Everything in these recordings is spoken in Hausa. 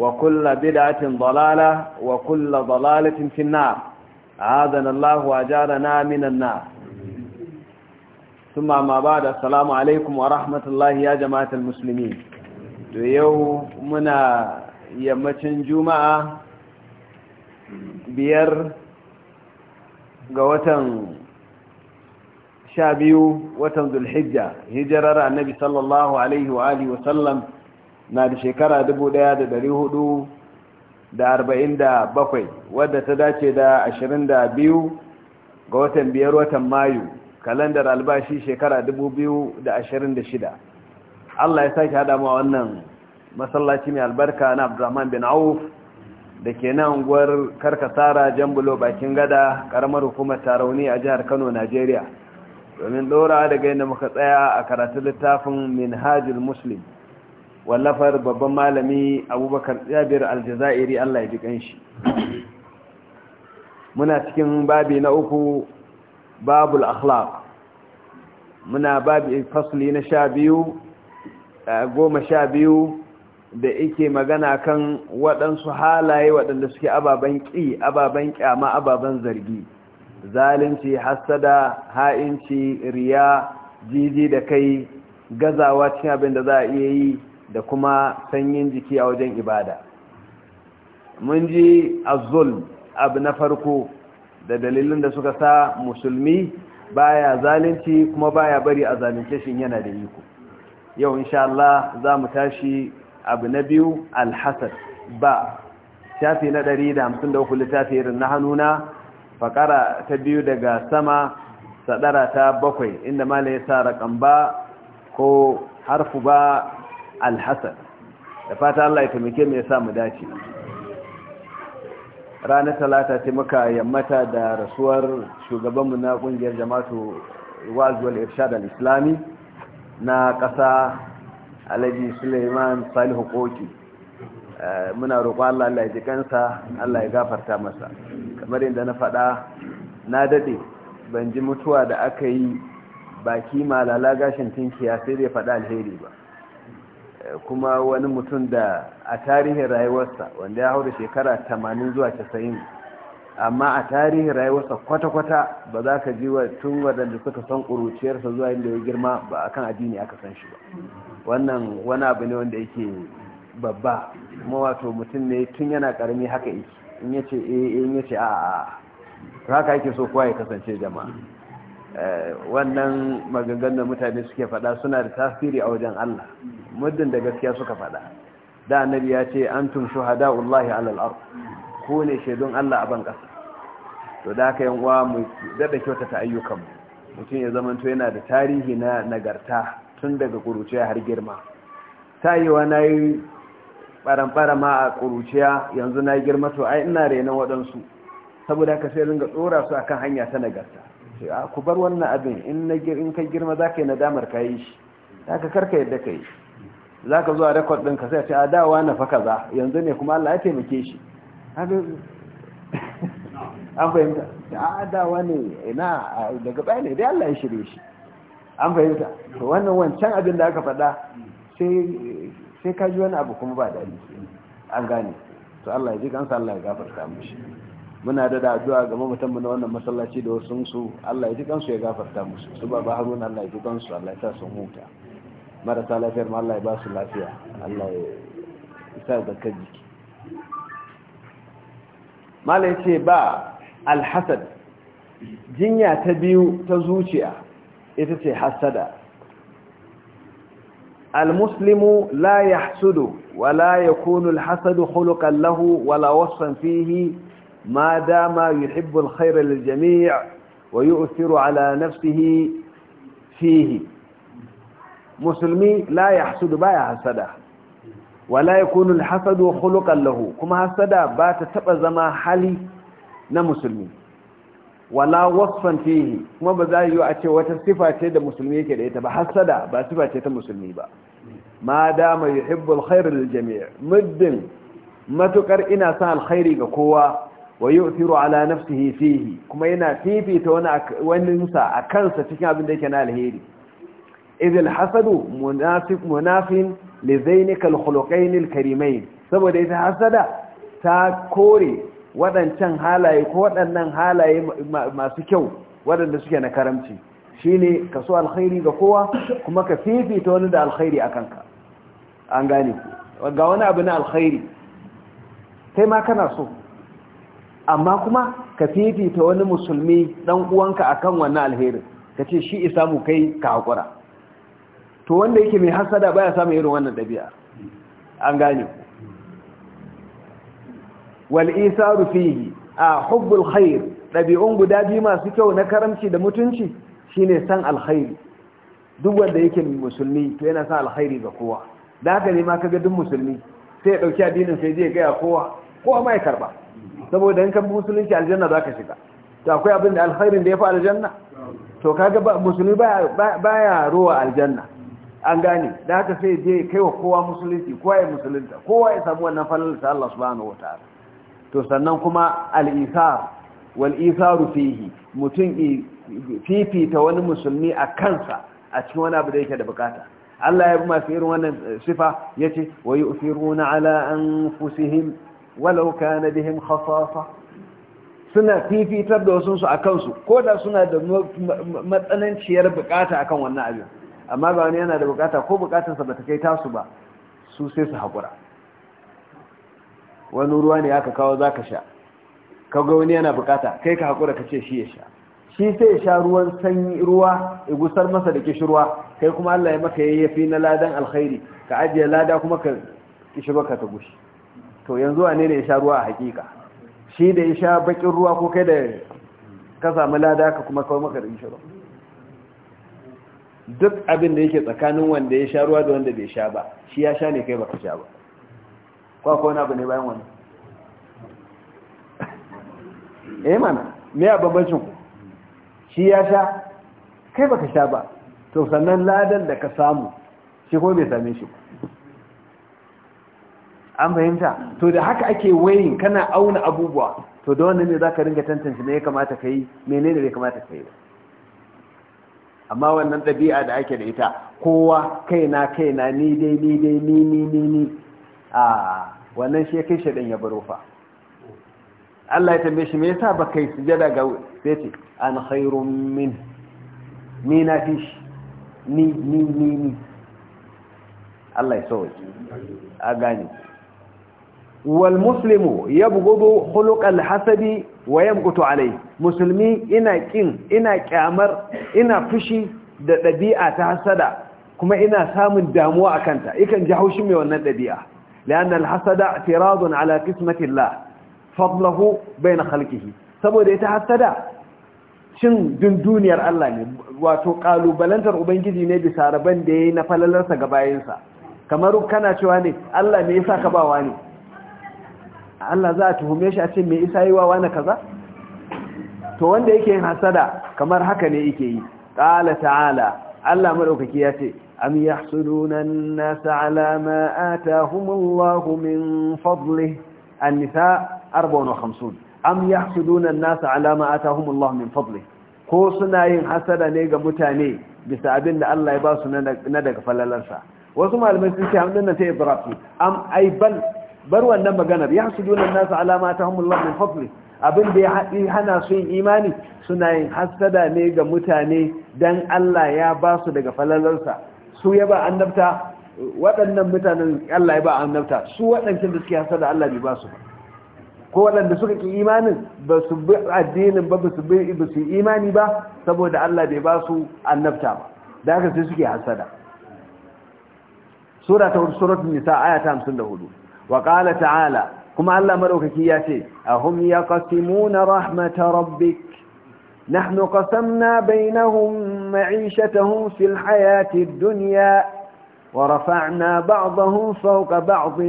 وكل بدعة ضلالة وكل ضلالة في النار عاذنا الله وأجارنا من النار ثم ما بعد السلام عليكم ورحمة الله يا جماعة المسلمين يومنا يمتن جمعة biyar ga watan sha biyu watan zulhijja hijirar annabi sallallahu alaihi wa alihi wasallam na da shekara 1447 wadda ta dace da 22 ga watan biyar watan mayu kalandar albashi shekara da shida. Allah ya sake hada ma wannan masallaci mai albarka na Abdulrahman bin Auf da ke nan unguwar Karkasara Jambulo bakin gada karamar hukumar Tarauni a jihar Kano Najeriya domin dora daga yadda muka tsaya a karatun littafin Minhajul Muslim wallafar babban malami abubakar jabir aljazairi allah ya ji kanshi muna cikin babi na uku babul akhlaq muna babi fasli na sha biyu goma sha biyu da ike magana kan waɗansu halaye waɗanda suke ababen ƙi ababen ƙyama ababen zargi zalunci hassada ha'inci riya jiji da kai gazawa cikin abin da za a iya yi da kuma sanyin jiki a wajen ibada mun ji azul abu na farko da dalilin da suka sa musulmi baya zalunci kuma baya bari a zalunce shi yana da iko yau insha Allah za mu tashi abu na biyu alhasad ba shafi na 153 littafi irin na hannuna fakara ta biyu daga sama sadara ta bakwai inda malai ya sa rakan ko harfu ba alhassan da fata Allah ya taimake mu ya sa mu dace ranar talata ce muka yammata da rasuwar shugabanmu na kungiyar jama'atu wazuwal irshad al-islami na ƙasa alhaji suleiman salihu koki eh, muna roƙo Allah Allah ya ji kansa Allah ya gafarta masa kamar yadda na faɗa na daɗe ban ji mutuwa da aka yi baki malala gashin tinkiya sai zai faɗa alheri ba kuma wani mutum da a tarihin rayuwarsa wanda ya hau da shekara tamanin zuwa casa'in amma a tarihin rayuwarsa kwata-kwata ba za ka ji wa tun waɗanda suka san ƙuruciyarsa zuwa inda ya girma ba a kan addini aka san shi ba wannan wani abu ne wanda yake babba kuma wato mutum ne tun yana ƙarami haka yake in yace eh in yace a'a haka yake so kowa ya kasance jama'a Eh, wannan maganganun da mutane suke fada suna da tasiri a wajen Allah muddin da gaskiya suka fada da annabi ya ce antum shuhada'ullahi al ard ku ne shaidun Allah a ban kasa to da haka yan uwa mu kyauta ta ayyukan mutum ya to yana da tarihi na nagarta tun daga kuruciya har girma tayewa nayi baran ma a kuruciya yanzu na girma to ai ina renon waɗansu saboda haka sai ringa tsora su akan hanya ta nagarta sai a ku bar wannan abin in na girin kai girma za ka yi nadamar ka yi shi za ka karka yadda ka yi za ka zuwa rekod ka sai ce a dawa na fa za, yanzu ne kuma Allah ya taimake shi an fahimta a dawa ne ina daga baya ne dai Allah ya shirye shi an fahimta to wannan wancan abin da aka faɗa sai ka ji wani abu kuma ba da an gane to Allah ya ji kansa Allah ya gafarta mushi muna da addu'a ga mamatanmu na wannan masallaci da wasu su Allah ya ji kansu ya gafarta musu su baba haruna Allah ya ji kansu Allah ya sa sun huta marasa lafiyar ma Allah ya ba su lafiya Allah ya isa ka jiki malai ce ba alhasad jinya ta biyu ta zuciya ita ce hasada المسلم لا يحسد ولا يكون الحسد خلقا له ولا وصفا فيه ما دام يحب الخير للجميع ويؤثر على نفسه فيه مسلمي لا يحسد بايا حسدا ولا يكون الحسد خلقا له كما حسدا بات تبزما حالي na musulmi wala wasfan fihi kuma ba za yi a ce wata siface ce da musulmi yake da ita ba hasada ba sifa ta musulmi ba ma dama yuhibbu muddin matukar ina sa alkhairi ga kowa wa yu'thiru ala nafsihi fihi kuma yana fifita wani wani a kansa cikin abin da yake na alheri idil hasadu munasib munafin li zainika alkhuluqain alkarimain saboda ita hasada ta kore waɗancan halaye ko waɗannan halaye masu kyau waɗanda suke na karamci shine ka so alkhairi ga kowa kuma ka fifita wani da alkhairi a kanka an gane ku ga wani abu na alkhairi kai ma kana so amma kuma ka fifita wani musulmi dan uwanka akan wannan alherin ka ce shi isa mu kai ka hakura to wanda yake mai hasada baya samu irin wannan dabi'a an gane wal isaru fihi a hubbul khair dabi'un guda biyu masu kyau na karamci da mutunci shine san alkhairi duk wanda yake musulmi to yana san alkhairi ga kowa da haka ne ma kaga duk musulmi sai ya ɗauki addinin sai zai gaya kowa kowa ma ya karba saboda in ka bi musulunci aljanna za ka shiga to akwai abin da alkhairin da ya fi aljanna to kaga musulmi baya rowa aljanna an gane da haka sai je kai wa kowa musulunci kowa ya musulunta kowa ya samu wannan falalar ta Allah subhanahu wa ta'ala to sannan kuma al-isar wal isaru fihi mutum fifita wani musulmi a kansa a cikin wani abu da yake da bukata Allah ya bi masu irin wannan sifa yace wa na ala an anfusihim walau kana bihim khasasa suna fifitar da wasu a kansu, su ko da suna da matsananciyar bukata akan wannan abin amma ba wani yana da bukata ko bukatarsa ba ta kai tasu ba su sai su haƙura wani ruwa ne aka kawo za ka sha kaga wani yana bukata kai ka haƙura ka ce shi ya sha shi sai ya sha ruwan sanyi ruwa ya gusar masa da kishirwa kai kuma allah ya maka yayyafi na ladan alkhairi ka ajiye lada kuma ka kishirwa ka ta gushi to yanzu wane ne ya sha ruwa a hakika shi da ya sha bakin ruwa ko kai da ka samu lada ka kuma kawo maka da shi duk abin da yake tsakanin wanda ya sha ruwa da wanda bai sha ba shi ya sha ne kai baka sha ba kwa ko wani abu ne bayan wani eh mana me ya bambancin ku shi ya sha kai baka sha ba to sannan ladan da ka samu shi ko bai same shi ba an fahimta to da haka ake wayin kana auna abubuwa to da wannan ne za ka ringa tantance me ya kamata ka yi mene ne ya kamata ka yi amma wannan ɗabi'a da ake da ita kowa kaina kaina ni dai ni dai ni ni ni ni a wannan shi ya kai shaɗin ya baro fa Allah ya tambaye shi me yasa ba kai sujada ga sai ce an khairum min ni na fi shi ni ni ni ni Allah ya so a gane والمسلم يبغض خلق الحسد ويمقت عليه مسلمي ina kin ina kyamar ina fushi da dabi'a ta hasada kuma ina samun damuwa akanta ikan ji haushi mai wannan dabi'a لان الحسد firadun على قسمه الله فضله بين خلقه saboda ita hasada cin dunduniyar Allah ne wato kalubalantar ubangiji ne bisa raban da yayi na falalarsa ga bayinsa kamar kana cewa ne Allah me yasa ka bawa ne Allah za a tuhume shi a ce Mai isa yi wa wani kaza to wanda yake yin hasada kamar haka ne yake yi ƙala ta'ala Allah maɗaukaki ya ce am yahsuduna an nasa ala ma atahumullahu min fadlihi an-nisa hamsun. am yahsuduna an nasa ala ma atahumullahu min fadlihi ko suna yin hasada ne ga mutane bisa abin da Allah ya ba su na daga falalarsa wasu malamai sun ce hamdan ta ibrahim am aibal bar wannan maganar ya su dunan nasu alama ta hamullah min fadli abin da ya hana su yin imani suna yin hasada ne ga mutane don Allah ya ba su daga falalarsa su ya ba annabta waɗannan mutanen Allah ya ba annabta su waɗancan da suke hasada Allah bai ba su ba ko waɗanda suka ki imanin ba su bi addinin ba su bi ba su imani ba saboda Allah bai ba su annabta ba da haka sai suke hasada sura ta suratul nisa aya ta hudu. وقال تعالى كما على ملوكك ياتي أهم يقسمون رحمة ربك نحن قسمنا بينهم معيشتهم في الحياة الدنيا ورفعنا بعضهم فوق بعض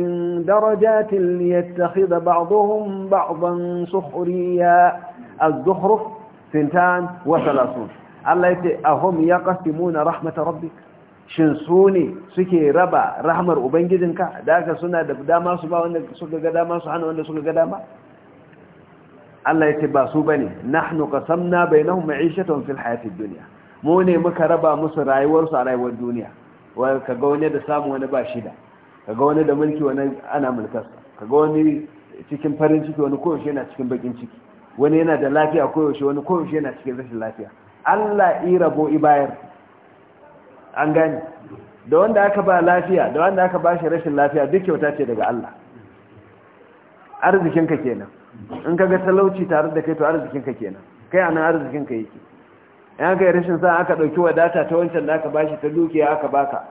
درجات ليتخذ بعضهم بعضا سخريا الزخرف سنتان وثلاثون الله يقسمون رحمة ربك shin su ne suke raba rahmar ubangijinka da aka suna da dama su ba wanda suka ga dama su hana wanda suka ga dama Allah ya ce ba su bane nahnu qasamna bainahum ma'ishatan fil hayatid dunya mu ne muka raba musu rayuwar su a rayuwar duniya wai kaga wani da samu wani ba shi da kaga wani da mulki wani ana mulkar kaga wani cikin farin ciki wani koyaushe yana cikin bakin ciki wani yana da lafiya koyaushe wani koyaushe yana cikin rashin lafiya Allah i rabo i bayar an gane da wanda aka ba lafiya da wanda aka ba shi rashin lafiya duk kyauta ce daga Allah arzikinka kenan in ka ga talauci tare da kai to arzikinka kenan kai anan arzikinka yake yan kai rashin sa aka ɗauki wadata ta wancan da aka ba shi ta dukiya aka baka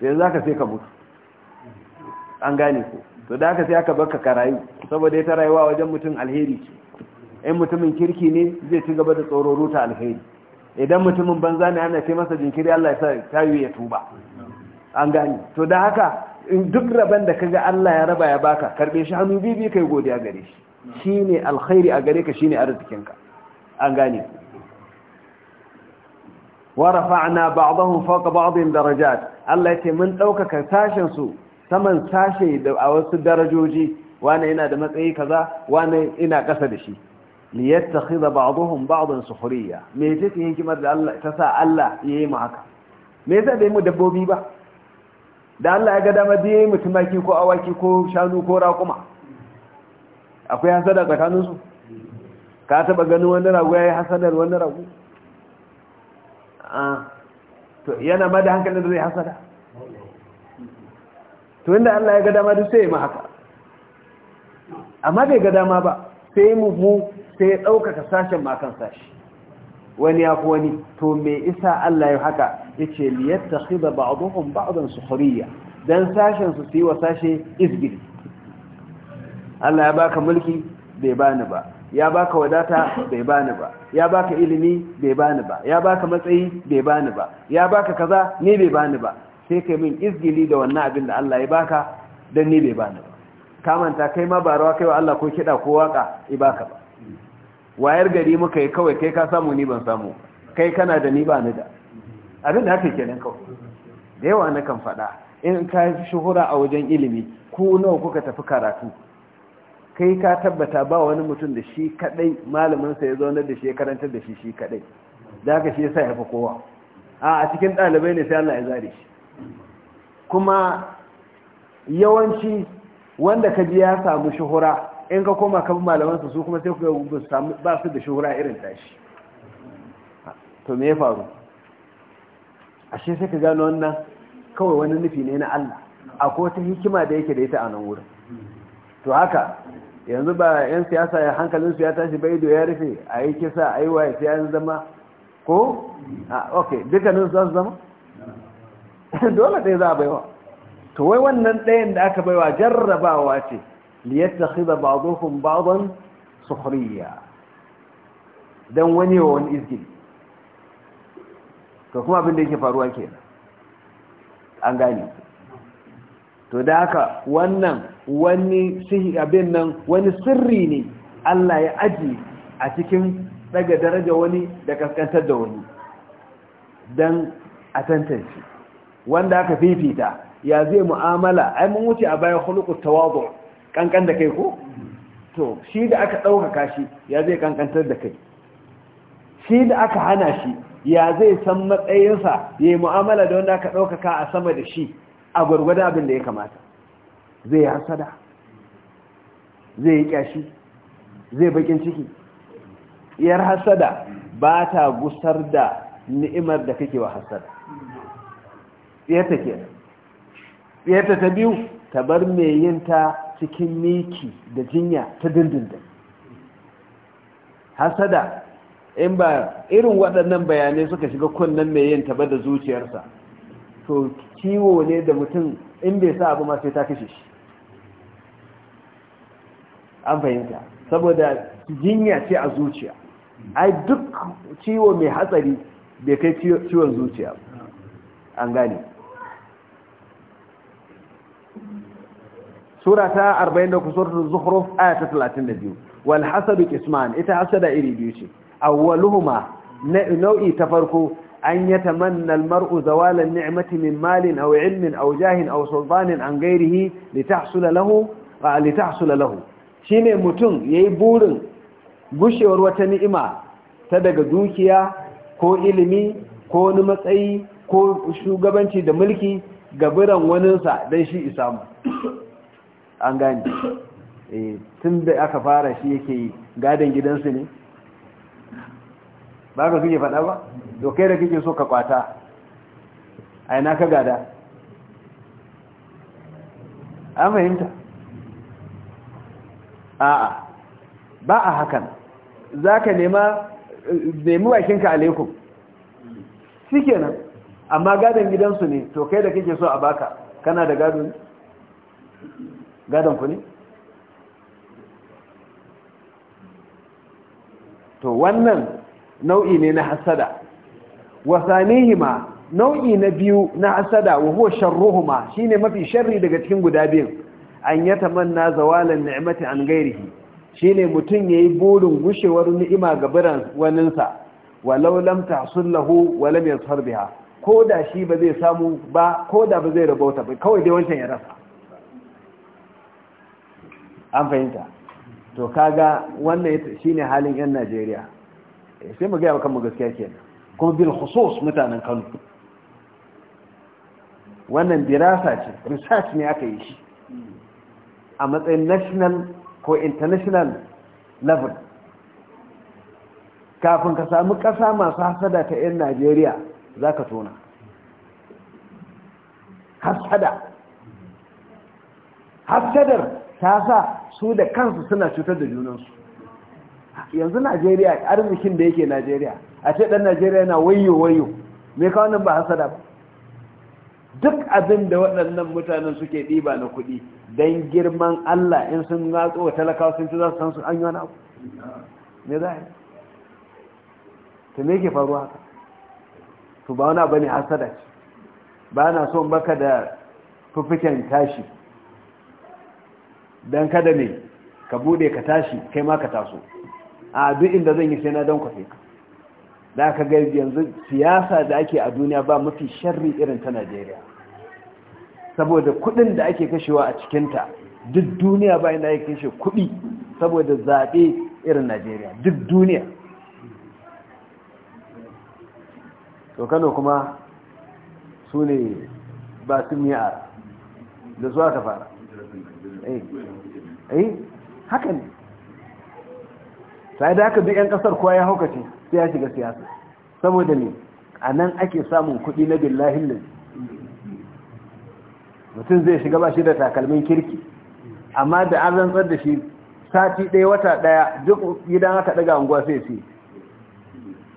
yanzu aka sai ka mutu an gane ko to da aka sai aka baka ka rayu saboda ita rayuwa wajen mutum alheri ce in mutumin kirki ne zai ci gaba da tsoro ruta alheri idan mutumin banza ne ana ce masa jinkiri Allah ya sa tayu ya tuba an gani to da haka in duk raban da kaga Allah ya raba ya baka karbe shi hannu bibi kai godiya gare shi shine alkhairi a gare ka shine arzikin ka an gani wa rafa'na ba'dahu fawqa ba'din darajat Allah ya ce mun daukaka sashen su saman sashe da a wasu darajoji wani ina da matsayi kaza wani ina kasa da shi liyattakhidha ba'dhum ba'dhan sukhriya me take hikimar da Allah ta sa Allah yayi mu haka me yasa bai mu dabbobi ba da Allah ya ga dama da yayi mutumaki ko awaki ko shanu ko raƙuma akwai hasada tsakanin su ka taba ganin wani rago yayi hasadar wani rago ah to yana ma da hankalin da zai hasada to inda Allah ya ga dama duk sai mu haka amma bai ga dama ba sai mu mu sai ya ɗaukaka sashen makan sashi wani ya fi wani to me isa Allah ya haka ya ce liyatta ba'adun ba'adun su huriya don sashen su su yi wa sashe izgiri Allah ya baka mulki bai bani ba ya baka wadata bai bani ba ya baka ilimi bai bani ba ya baka matsayi bai bani ba ya baka kaza ni bai bani ba sai kai min izgili da wannan abin da Allah ya baka Don ni bai bani ba kamanta kai ma barawa rawa kai wa Allah ko kiɗa ko waka i baka ba wayar gari muka yi kawai kai ka samu ni ban samu kai kana da ni ba ni da abin da haka kenan kawai da yawa na kan faɗa in ka shuhura a wajen ilimi ku nawa kuka tafi karatu kai ka tabbata ba wani mutum da shi kadai malaminsa ya zaunar da shi ya karantar da shi shi kadai da haka shi yasa ya fi kowa a cikin ɗalibai ne sai Allah ya zare shi kuma yawanci wanda ka biya ya samu shuhura in ka koma bi malamansa su kuma sai ku ba su da shuhura irin tashi to me ya faru ashe sai ka gano wannan kawai wani nufi ne na Allah akwai wata hikima da yake da ita a nan wurin to haka yanzu ba 'yan siyasa ya hankalinsu ya tashi bai ido ya rufe a yi kisa a yi waye sai zama ko? A ok dukkanin za su zama? dole ɗaya za a baiwa to wai wannan ɗayan da aka baiwa jarrabawa ce liyattakhidha ba'dhum ba'dan sukhriya dan wani wa wani izgili to kuma abin da yake faruwa kenan an gane to da haka wannan wani sihi abin nan wani sirri ne Allah ya aji a cikin daga daraja wani da kaskantar da wani dan a tantance wanda aka fifita ya zai mu'amala ai mun wuce a bayan khuluqut tawadu' kankan da kai ko to shi da aka ɗaukaka shi ya zai kankantar da kai shi da aka hana shi ya zai san matsayinsa ya yi mu'amala da wanda aka ɗaukaka a sama da shi a gwargwada abin da ya kamata zai yi hasada zai yi ƙyashi zai bakin ciki yar hasada ba ta gusar da ni'imar da kake wa hasada tsiyarta ke tsiyarta ta biyu ta bar mai yin ta. cikin miki da jinya ta dindindin hasada in ba irin waɗannan bayanai suka shiga kunnen mai yin taba da zuciyarsa to ciwo ne da mutum in bai sa abu ma ta kashe shi an fahimta saboda jinya ce a zuciya ai duk ciwo mai hatsari bai kai ciwon zuciya an gane sura ta 43 suratul zukhruf aya ta 32 wal hasadu qisman ita hasada iri biyu ce awwaluhuma nau'i ta farko an yatamanna al mar'u zawal ni'mati min malin aw ilmin aw jahin aw sultanin an ghairihi litahsula lahu litahsula lahu shine mutum yayi burin gushewar wata ni'ima ta daga dukiya ko ilimi ko wani matsayi ko shugabanci da mulki biran waninsa don shi isamu an gane eh, tun da aka fara shi yake gadon gidansu ne ba ka kuke faɗa ba to kai da kake so ka kwata a ina ka gada an fahimta a'a ba a hakan za ka nema nemi bakinka alaikum shi kenan amma gadon gidansu ne to kai da kake so a baka kana da gado ne gadon ku ne to wannan nau'i ne na hasada wasanihima nau'i na biyu na hasada wa huwa sharruhuma shine mafi sharri daga cikin guda biyun an yatamanna zawalan ni'mati an ghairihi shine mutun yayi burin gushewar ni'ima ga biran waninsa walau lam tahsul lahu wa lam yashar biha koda shi ba zai samu ba koda ba zai rabauta ba kawai dai wancan ya rasa an fahimta to kaga wannan shine halin yan Najeriya eh, sai mu ga kanmu gaskiya kenan kuma bil khusus mutanen Kano wannan dirasa ce research ne aka yi shi a matsayin national ko international level kafin ka samu kasa masu hasada ta 'yan najeriya za ka tona hasada hasadar ta sa su da kansu suna cutar da junansu yanzu najeriya arzikin da yake najeriya a ce dan najeriya yana wayo wayo me kawo nan ba hasada ba duk abin da waɗannan mutanen suke ɗiba na kuɗi don girman allah in sun natsu wa talakawa sun ci za su san su an yi wani abu ne za a yi ta me ke faruwa haka to ba wani abu ne hasada ce ba na son baka da fufiken tashi don kada ne ka bude ka tashi kai ma ka taso a duk inda zan yi sai na don kwafe da aka ga yanzu siyasa da ake a duniya ba mafi sharri irin ta najeriya saboda kudin da ake kashewa a cikinta duk duniya bayan da ake kashe kudi saboda zaɓe irin najeriya duk duniya to kano kuma su ne ba su miya da zuwa ta fara eh. Ayi eh, haka ne sai da haka duk yan kasar kowa ya ce sai ya shiga siyasa saboda ne a nan ake samun kuɗi na billahin nan mutum zai shiga ba shi da takalmin kirki amma da an rantsar da shi sati ɗaya wata ɗaya duk gidan aka ɗaga unguwa sai ce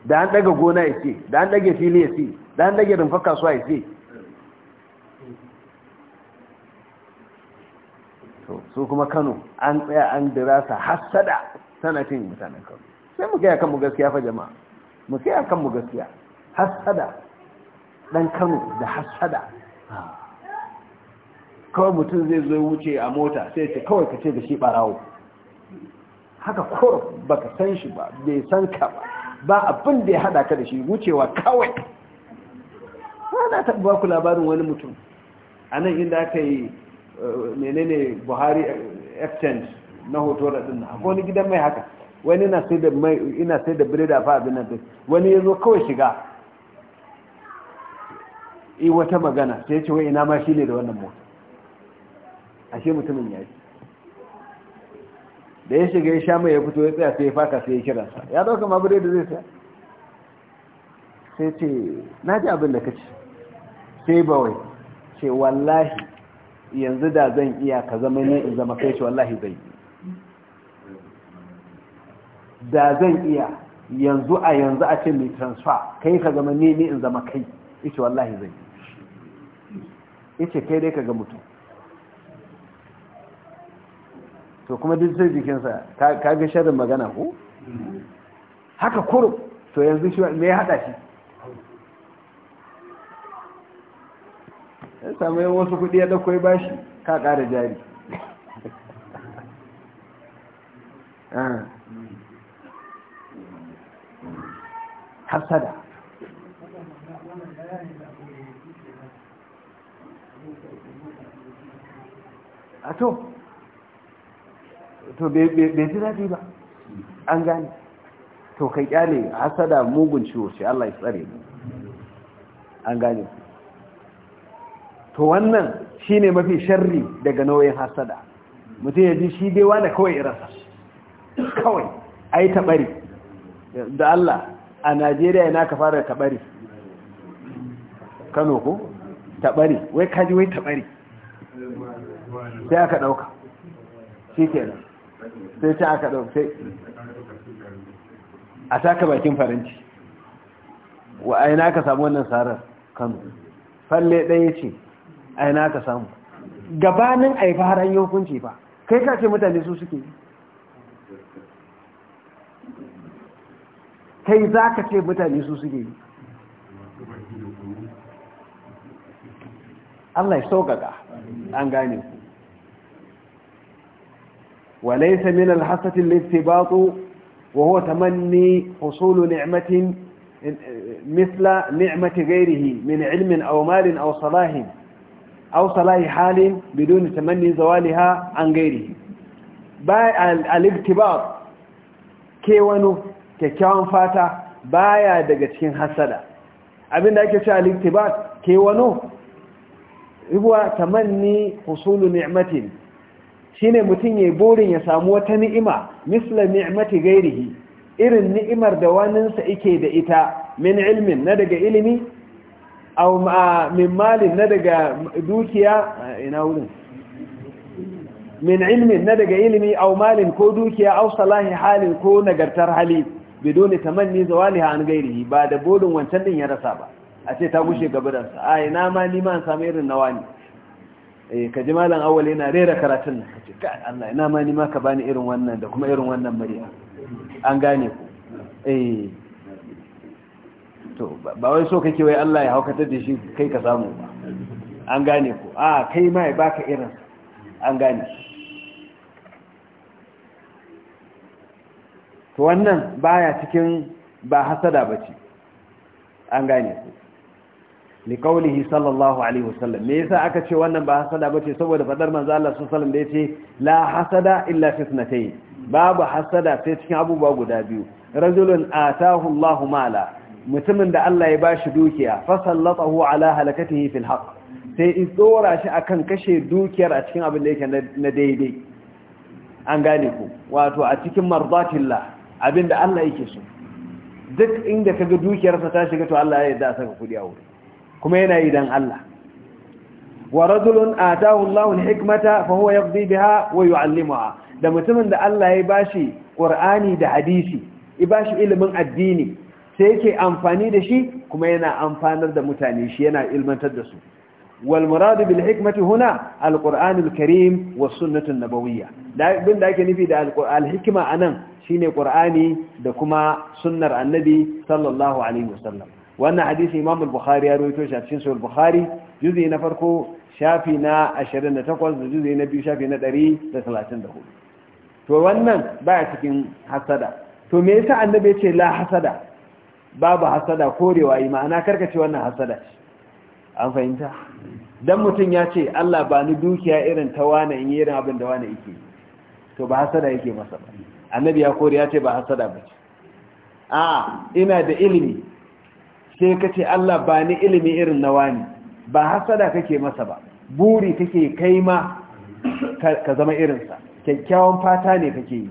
da an ɗaga gona ya ce da an ɗage fili ya ce da an ɗage rumfa kasuwa ya ce su kuma kano an tsaya an dirasa hassada tana sanatin mutanen kano sai mu gaya mu gaskiya fa jama'a mu gaya mu gaskiya hassada dan kano da hassada kawai mutum zai zo wuce a mota sai ce kawai ka ce da shi barawo haka ko baka san shi ba bai san ka ba ba abin da ya hada ka da shi wucewa kawai ba na taɓa ku labarin wani mutum a nan inda aka yi menene buhari exchange na hoto da din akwai wani gidan mai haka wani ina sai da mai ina sai da breda fa abin nan wani yazo kawai shiga i wata magana sai ya ce wai ina ma shine da wannan mota ashe mutumin ya yi da ya shiga ya sha mai ya fito ya tsaya sai ya faka sai ya kira sa ya dauka ma breda zai sa sai ce na ji abin da kace sai bawai ce wallahi yanzu da zan iya ka zama ne in zama kai shi wallahi zai yi da zan iya yanzu a yanzu a ce mai transfer kai ka zama ne ne in zama kai ita wallahi zai yi ita kai dai ka ga mutum to kuma duk sai jikinsa ka ga sharrin magana ko haka kurum to yanzu shi ne ya hada shi ya samu yin wasu kudi ya ɗauko ya bashi ka ƙara jari ah. hasada a ah, to to bai ji daɗi ba an gane to kai kyale hasada mugun ciwo shi Allah ya tsare mu an gane to wannan shi ne mafi sharri daga nauyin hasada mutum ya ji shi dai wanda kawai irasa kawai a yi taɓari da Allah a Najeriya yana ka fara taɓari Kano ko? taɓari wai kaji wai taɓari sai aka ɗauka shi nan sai can aka ɗauka sai a ka bakin faranti wa aina ka samu wannan tsarar Kano falle ɗaya ce a ka samu gabanin a yi fara yi hukunci ba kai ka ce mutane su suke kai za ka ce mutane su suke yi Allah ya sauƙaƙa an gane ku وليس من الحسة الارتباط وهو تمني حصول نعمة مثل نعمة غيره من علم أو مال أو صلاح aw salahi halin bidun tamanni zawaliha an gairi ba al-ibtibar kewano kyakkyawan fata baya daga cikin hasada abinda ake cewa al-ibtibar kewano ruwa tamanni husulu ni'matin shine mutum ya burin ya samu wata ni'ima misla ni'mati gairihi irin ni'imar da waninsa yake da ita min ilmin na daga ilimi aw min malin na daga dukiya ina wurin min ilmin na daga ilimi Au malin ko dukiya aw salahi halin ko nagartar hali bidon tamanni zawaliha an gairihi ba da bodin wancan din ya rasa ba a ce ta gushe gaba da sa ai na ma ni ma an samu irin nawa ne eh ka ji malam awwal yana rera karatun nan kace ka Allah ina ma ni ma ka bani irin wannan da kuma irin wannan murya an gane ku eh to ba wai so kake wai Allah ya haukatar da shi kai ka samu ba an gane ku a kai ma ya baka irin an gane to wannan baya cikin ba hasada bace an gane ku kaulihi sallallahu alaihi wasallam me yasa aka ce wannan ba hasada bace saboda fadar manzo Allah sallallahu alaihi wasallam da yace la hasada illa fi sunatayn babu hasada sai cikin abubuwa guda biyu rajulun atahu Allahu mala mutumin da Allah ya bashi dukiya fasallatahu ala halakatihi fil haqq sai in tsora shi akan kashe dukiyar a cikin abin da yake na daidai an gane ku wato a cikin mardatillah abinda da Allah yake so duk inda kaga dukiyarsa ta shiga to Allah ya yarda saka kudi a wuri kuma yana yi dan Allah wa rajulun atahu Allahu al-hikmata fa huwa yaqdi biha wa yu'allimuha da mutumin da Allah ya bashi Qur'ani da hadisi ya bashi ilimin addini sai yake amfani da shi kuma yana amfanar da mutane shi yana ilmantar da su Walmuradu muradu bil hikmati huna al qur'anul karim was sunnatun nabawiyya da bin da ake nufi da al hikma anan shine qur'ani da kuma sunnar annabi sallallahu alaihi wasallam wannan hadisi imam al bukhari ya rawaito shi a cikin sahih bukhari juzi na farko shafi na 28 da juzi na biyu shafi na 134 to wannan baya cikin hasada to me yasa annabi ya ce la hasada babu hasada korewa yi ma'ana karkace wannan hasada ce an fahimta dan mutum ya ce Allah ba ni dukiya irin ta wane in yi irin abin da wane yake to ba hasada yake masa ba annabi ya kore ya ce ba hasada ba ce a ina da ilimi sai ka ce Allah ba ni ilimi irin na wani ba hasada kake masa ba buri kake kai ma ka zama irinsa kyakkyawan fata ne kake yi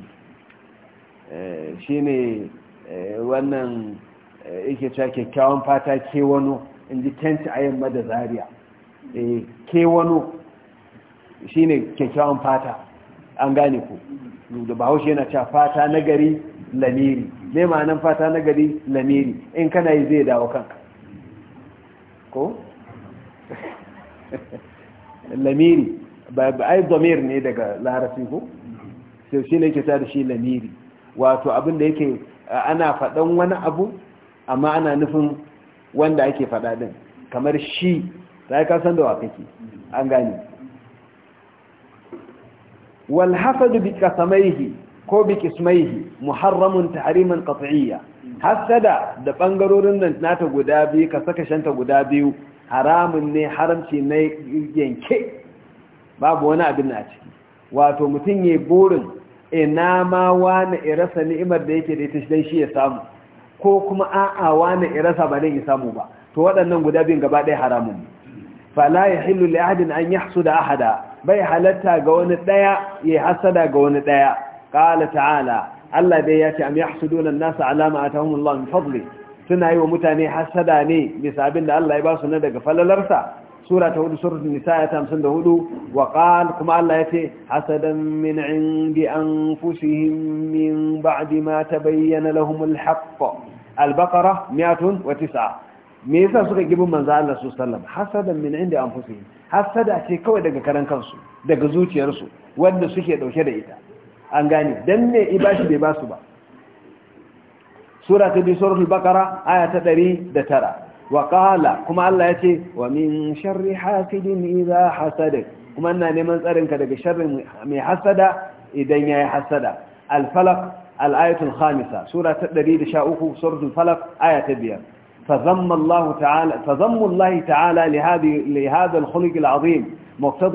eh, shi ne eh, wannan yake cewa kyakkyawan fata ke wano in ji tenti a yamma da zariya eh, ke wano shi ne kyakkyawan fata an gane ku da bahaushe yana cewa fata na gari lamiri ne ma'anan fata na gari lamiri in kana yi zai dawo kanka ko? lamiri ba ai domir ne daga larafi ku? sai shi ne ke sa da shi lamiri wato abin da yake ana faɗan wani abu amma ana nufin wanda ake faɗa din kamar shi ta yi kasan da wa kake an gane walhafadu bi kasamaihi ko bi kismaihi muharramun tahriman qat'iyya hasada da ɓangarorin nan nata guda biyu ka saka shanta guda biyu haramun ne haramci na yanke babu wani abin a ciki wato mutum ya burin ina ma wani irasa ni'imar da yake da ita shi ya samu ko kuma a'a wani irasa ba ne samu ba to waɗannan guda biyun gaba ɗaya haramun fala ya hillu li ahadin an da ahada bai halatta ga wani ɗaya ya hasada ga wani ɗaya qala ta'ala Allah dai ya ce am yahsuduna an-nasa ala ma Allah min fadli suna yi wa mutane hasada ne bisa abin da Allah ya ba su na daga falalarsa sura ta hudu suratul nisa ya ta da hudu wa kuma Allah ya ce hasadan min indi anfusihim min ba'di ma tabayyana lahum al-haqq 109 me yasa suka gibi manzo Allah su sallam hasadan min indi anfusihim hasada ce kawai daga karan kansu daga zuciyarsu wanda suke dauke da ita an gane dan ne ibashi bai basu ba sura ta bi suratul baqara aya ta 109 waƙala kuma Allah ya ce wa min sharri hasidin idha hasada kuma ina neman tsarinka daga sharrin mai hasada idan yayi hasada al-falaq al-ayatu al sura ta 113 suratul falak aya ta 5 فذم الله تعالى فذم الله تعالى لهذه لهذا الخلق العظيم مقتض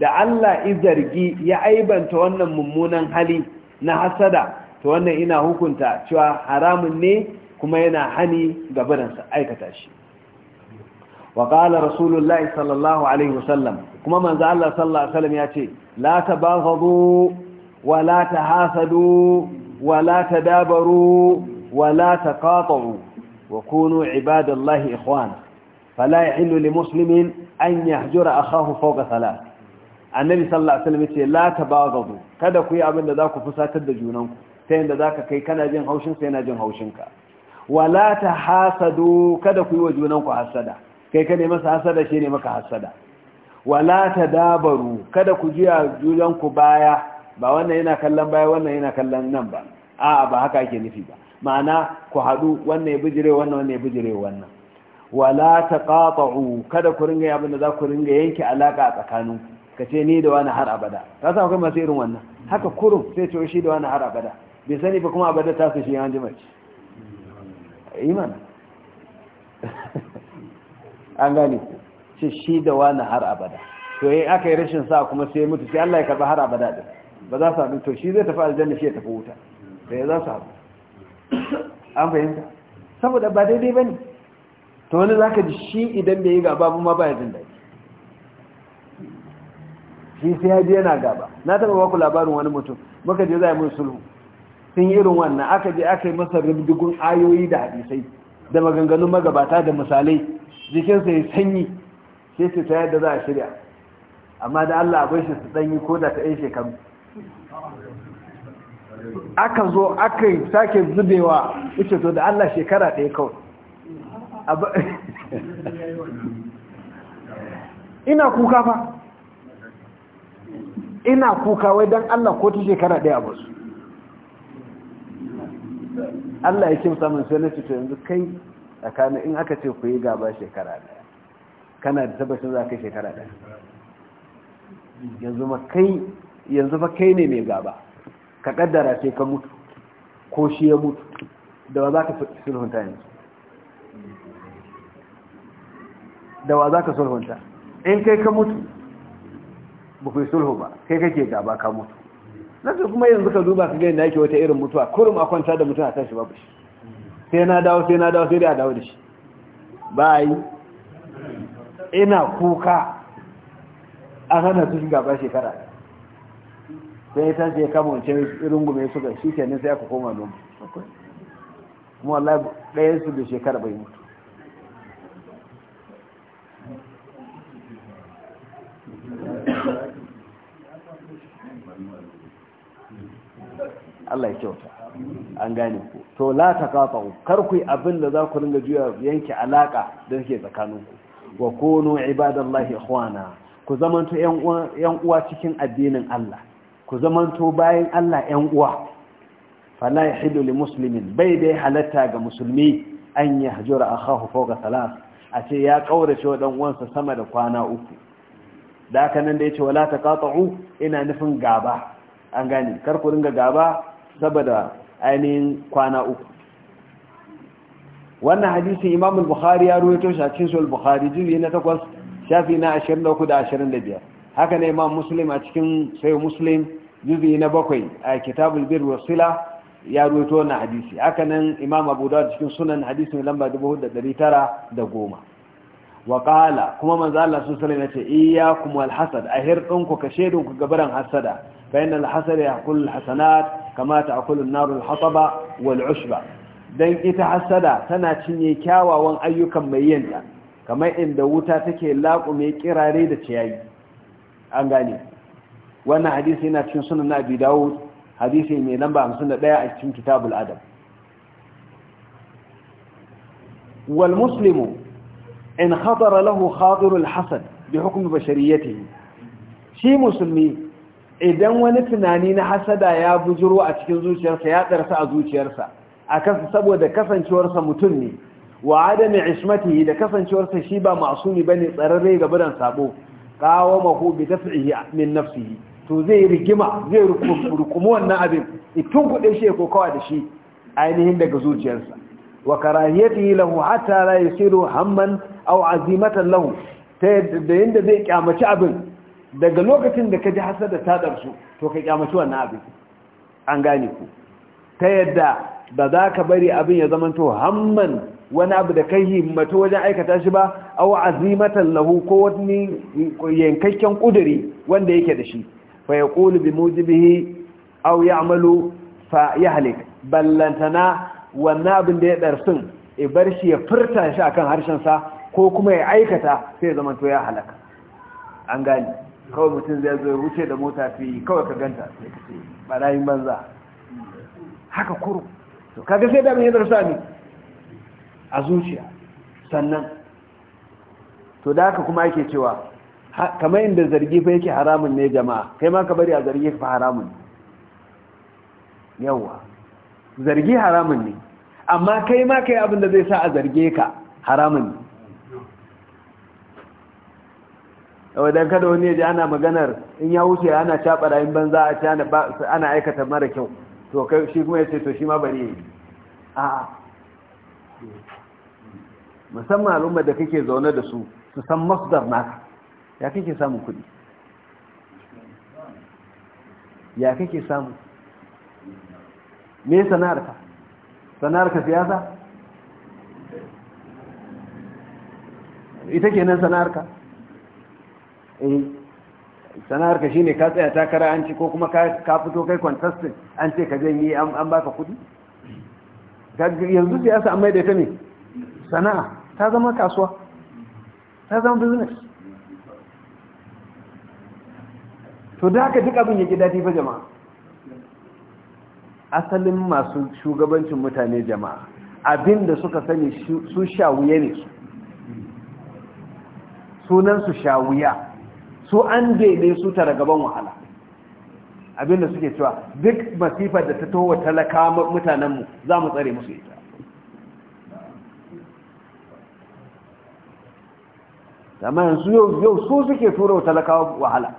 da Allah izargi ya aibanta wannan mummunan hali na hasada to wannan ina hukunta cewa haramun ne kuma yana hani ga barinsa aikata shi wa qala rasulullahi sallallahu alaihi wasallam kuma manzo Allah sallallahu alaihi wasallam yace la tabaghadu wa la tahasadu wa la dabaru wa la taqatu wa kunu ibadallahi ikhwana fala yahillu limuslimin an yahjura akhahu fawqa thalath annabi sallallahu alaihi wasallam ce la tabaghadu kada ku yi abin da za ku fusatar da junanku ta yanda zaka kai kana jin haushin sa yana jin haushinka wala ta hasado kada ku yi wa junanku hasada kai ka masa hasada shi ne maka hasada wala ta dabaru kada ku jiya junanku baya ba wannan yana kallon baya wannan yana kallon nan ba a'a ba haka ake nufi ba ma'ana ku haɗu wannan ya bijire wannan wannan ya bijire wannan wala ta ƙaƙa'u kada ku ringa abin da za ku ringa yanke alaƙa a tsakaninku ka ce ni da wani har abada ka sa akwai masu irin wannan haka kurum sai ce shi da wani har abada bai sani ba kuma abada ta su shi yan jimaci iman eh, an gane ku ce shi da wani har abada to yi aka yi rashin sa kuma sai mutu sai Allah ya karba har abada din ba za su haɗu to shi zai tafi aljanna shi ya tafi wuta da ya za su haɗu an fahimta saboda ba daidai ba ne to wani za ka ji shi idan bai yi gaba ma ba ya jin daji shi sai ya ji yana gaba na taɓa baku labarin wani mutum muka je za a yi mun sulhu sun yi irin wannan aka je aka yi masa rubdugun ayoyi da hadisai da maganganun magabata da misalai jikinsa ya sanyi sai su ta yadda za a shirya amma da Allah abai shi su danyi ko da ta yi shekaru aka zo aka yi sake zubewa ita to da Allah shekara ɗaya kawai ina kuka fa ina kuka wai don Allah ko ta shekara ɗaya ba su Allah ya kimsa mun sai na ce to yanzu kai tsakanin in aka ce ku yi gaba shekara daya kana da tabbacin za ka shekara daya yanzu ma kai yanzu fa kai ne mai gaba ka kaddara sai ka mutu ko shi ya mutu da wa za ka sulhunta yanzu da wa za ka sulhunta in kai ka mutu ba ku yi sulhu ba kai kake gaba ka mutu zaka kuma yanzu ka duba ka ga da yake wata irin mutuwa kurum a kwanta da mutuwa a tashi babu shi sai na dawo sai na dawo sai dai a dawo da shi ba yi ina kuka an hana su shiga ba shekara sai ta ce kama wancan rungume suka shi kenan sai aka koma noma kuma wallahi ɗayan su da shekara bai mutu Allah ya kyauta an gane ku to la taqatu kar ku abin da za ku ringa juya yanke alaka da take tsakanin ku wa kunu ibadallahi ikhwana ku zamanto yan uwa cikin addinin Allah ku zamanto bayan Allah yan uwa fala yahidu li muslimin bai dai halatta ga musulmi an yahjura akahu fawqa salat a ce ya kaurace wa dan uwansa sama da kwana uku da haka nan da yace wala taqatu ina nufin gaba an gane kar ku ringa gaba saboda ainihin kwana uku wannan hadisun imam bukhari ya ruwaito shi a cikin sahih bukhari juz'i na 8 shafi na 23 da 25 haka ne imam muslim a cikin sahih muslim juz'i na 7 a kitabul birr wasila sila ya ruwaito wannan hadisi haka nan imam abu dawud cikin sunan hadisin lamba 4910 wa qala kuma manzo Allah sallallahu alaihi wasallam yace iyyakum wal hasad ahir dinku ka shedinku gabaran hasada fa innal hasada yaqul hasanat kama ta akulun narul hasaba wal ushba dan ita hasada tana cinye kyawawan ayyukan mai yinta kamar inda wuta take laƙume kirare da ciyayi an gane wannan hadisi yana cikin sunan abi dawud hadisi mai lamba ɗaya a cikin kitabul adam wal muslimu in khatara lahu khatirul hasad bi hukmi bashariyatihi shi musulmi idan wani tunani na hasada ya bujuro a cikin zuciyarsa ya ɗarsa a zuciyarsa a kansa saboda kasancewarsa mutum ne wa adami ismatihi da kasancewarsa shi ba masumi bane tsararre ga bidan sabo qawamahu bi daf'ihi min nafsihi to zai rigima zai rukumu wannan abin itun kuɗe shi ko kawa da shi ainihin daga zuciyarsa wa karahiyatihi lahu hatta la yasiru hamman aw azimatan lahu ta yadda zai kyamaci abin daga lokacin da ka ji da ta ɗarsu to ka kyamaci wannan abin an gane ku ta yadda ba za ka bari abin ya zama to hamman wani abu da kai himmatu wajen aikata shi ba aw azimatan lahu ko wani yankakken kuduri wanda yake da shi fa yaqulu bi mujibihi aw ya'malu fa yahlik ballantana wannan abin da ya sun ya bar shi ya furta shi akan harshen sa ko kuma ya aikata sai ya to ya halaka an gani kawai mutum zai zo wuce da mota fi kawai ka ganta sai ka ce barayin banza haka kuru to kaga sai da mai yadda sami a zuciya sannan to da haka kuma yake cewa kamar inda zargi fa yake haramun ne jama'a kai ma ka bari a zargi fa haramun yawa zargi haramun ne amma kai ma kai abin da zai sa a zarge ka haramun ne wadan kada wani yaji ana maganar in ya wuce ana caɓa rayin banza a ci ana aikata mara kyau to kai shi kuma ya ce to shi ma bari yi a musamman al'umma da kake zaune da su su san masdar naka ya kake samun kuɗi ya kake samu me sana'arka sana'arka siyasa ita kenan sana'arka Eh, sana'arka ka shine ka tsaya takara an ce, ko kuma ka fito kai contesting an ce ka zai yi an baka kudi yanzu siyasa an maida ta ne sana'a ta zama kasuwa ta zama business to da haka duk abin yake dadi ba jama'a asalin masu shugabancin mutane jama'a abin da suka sani su shawuye ne su sunan su shawuya su an daidai su tara gaban wahala abinda suke cewa duk masifar da ta towa talaka mutanenmu za mu tsare musu ita amma yanzu yau su suke tura talaka wahala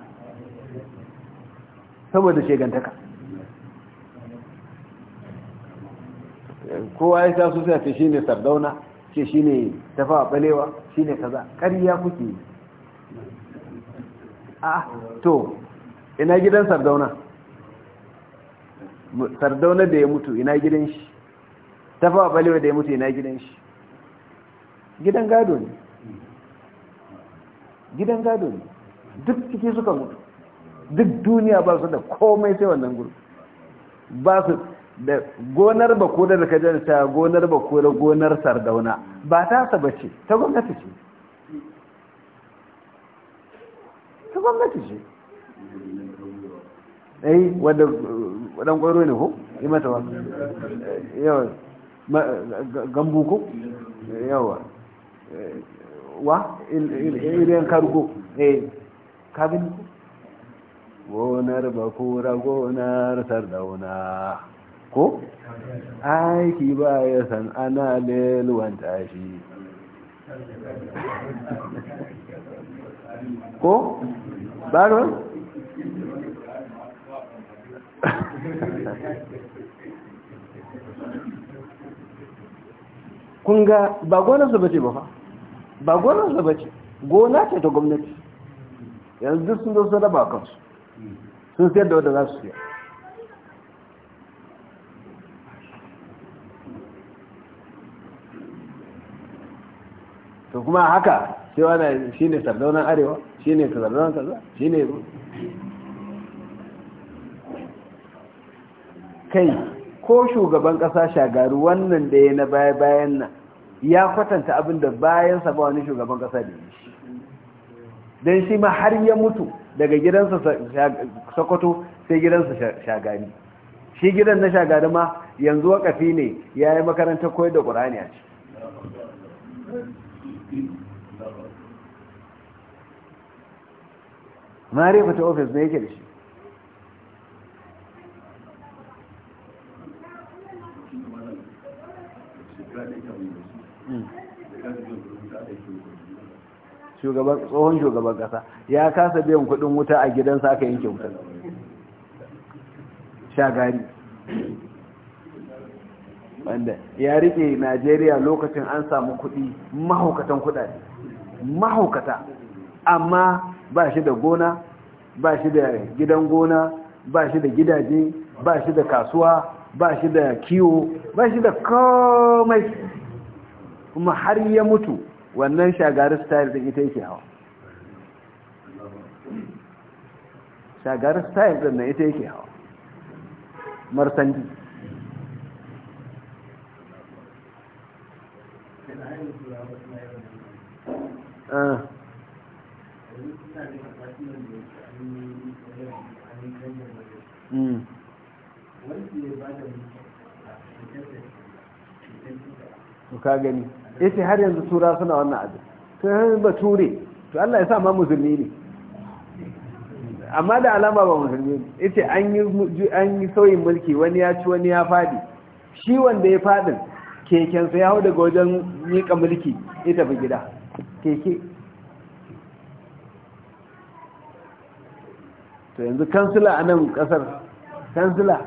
saboda shegantaka kowa ya sa su sai ce shi ne sardauna ce shi ne balewa shi ne kaza ƙarya kuke yi to ina gidan sardauna sardauna da ya mutu ina gidan shi tafawa balewa da ya mutu ina gidan shi gidan gado ne gidan gado ne duk ciki suka mutu duk duniya ba su da komai sai wannan gudu ba su da gonar bako da kajar ta gonar da gonar sardauna ba ta saba ta gwamnati ce gwamnati ce eh wadda wadan kwairo ne ko yi mata ba eh, yawa gambu ko eh, yawa eh, wa iliyan kargo eh kabin ko gonar bakura gonar sardauna ko aiki ba ya san ana leluwan tashi ko claro kun ga ba gonarsa su bace ba fa ba gonarsa su bace gona ce ta gwamnati yanzu sun zo su raba kansu sun sayar da wadda za su siya to kuma haka cewa na shi ne sardaunan arewa shi ne sardaunan kaza shi ne kai ko shugaban kasa shagaru wannan da ya na baya-bayan nan ya kwatanta abin da bayan ba wani shugaban kasa da yi don shi ma har ya mutu daga gidansa sokoto sai gidansa shagari shi gidan na shagari ma yanzu wakafi ne ya yi makarantar koyar da ƙura'ani a ci marefa ta ofis ne yake da shi tsohon shugaban kasa ya kasa biyan kudin wuta a gidansa aka yanke wuta shagari wanda ya rike najeriya lokacin an samu kudi mahaukatan kudade mahaukata amma ba shi da gona ba shi da gidan gona ba shi da gidaje ba shi da kasuwa ba shi da kiwo ba shi da komai kuma har ya mutu wannan shagari style din ita yake hawa shagari style da ita yake hawa martandi Uh. Mm. to ka gani ce har yanzu tura suna wannan abin sai ba ture to Allah ya sa ma musulmi ne amma da alama ba musulmi ne ya ce an yi sauyin mulki wani ya ci wani ya fadi shi wanda ya fadin kekensa ya hau daga wajen mika mulki ya tafi gida keke to yanzu kansila a nan kasar kansila